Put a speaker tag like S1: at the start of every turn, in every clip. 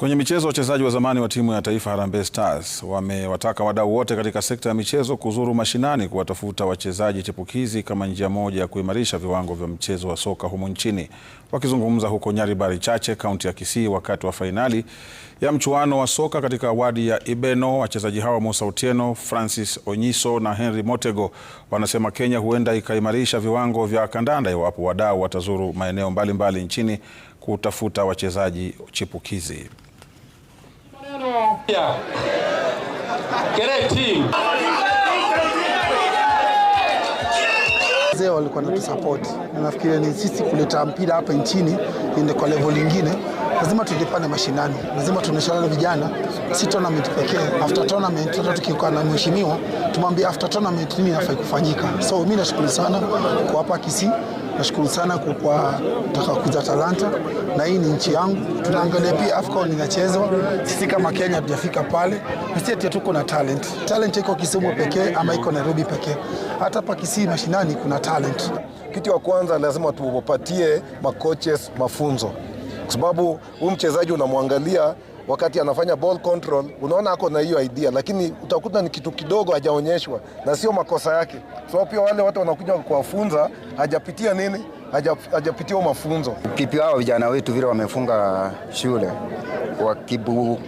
S1: Kwenye michezo, wachezaji wa zamani wa timu ya taifa Harambee Stars wamewataka wadau wote katika sekta ya michezo kuzuru mashinani kuwatafuta wachezaji chipukizi kama njia moja ya kuimarisha viwango vya mchezo wa soka humu nchini. Wakizungumza huko Nyaribari Chache, kaunti ya Kisii, wakati wa fainali ya mchuano wa soka katika wadi ya Ibeno, wachezaji hawa Musa Otieno, Francis Onyiso na Henry Motego wanasema Kenya huenda ikaimarisha viwango vya kandanda iwapo wadau watazuru maeneo mbalimbali mbali nchini kutafuta wachezaji chipukizi. Yeah. Get a
S2: team. walikuwa natusupport na nafikiri ni sisi kuleta mpira hapa nchini ende kwa level nyingine, lazima tulipane mashindano, lazima tuonyeshane vijana, si tournament pekee. After tournament hata tukikaa na mheshimiwa tumwambie after tournament nini inafaa kufanyika. So mimi nashukuru sana kwa hapa Kisii. Nashukuru sana kwa kutaka kuja talanta, na hii ni nchi yangu. Tunaangalia pia AFCON inachezwa, sisi kama Kenya hatujafika pale, na sisi tuko na talent. Talent iko Kisumu pekee ama iko Nairobi pekee? Hata pa Kisii mashinani kuna talent.
S3: Kitu ya kwanza lazima tuwapatie makoches mafunzo, kwa sababu huyu mchezaji unamwangalia wakati anafanya ball control, unaona ako na hiyo idea, lakini utakuta ni kitu kidogo hajaonyeshwa, na sio makosa yake. So pia wale watu wanakuja kuwafunza, hajapitia nini, hajapitia mafunzo.
S4: Kipi hao vijana wetu vile wamefunga shule wakibu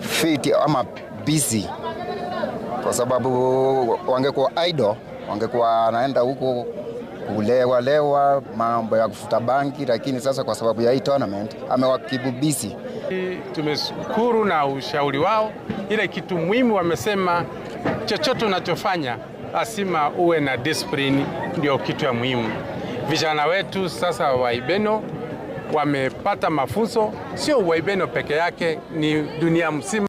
S4: fit ama busy, kwa sababu wangekuwa idol, wangekuwa anaenda huko kulewa lewa, mambo ya kufuta banki lakini sasa kwa sababu ya hii tournament busy
S5: Tumeshukuru na ushauri wao, ile kitu muhimu wamesema, chochote unachofanya lazima uwe na discipline, ndio kitu ya muhimu. Vijana wetu sasa Ibeno wamepata mafunzo, sio Waibeno peke yake, ni dunia mzima.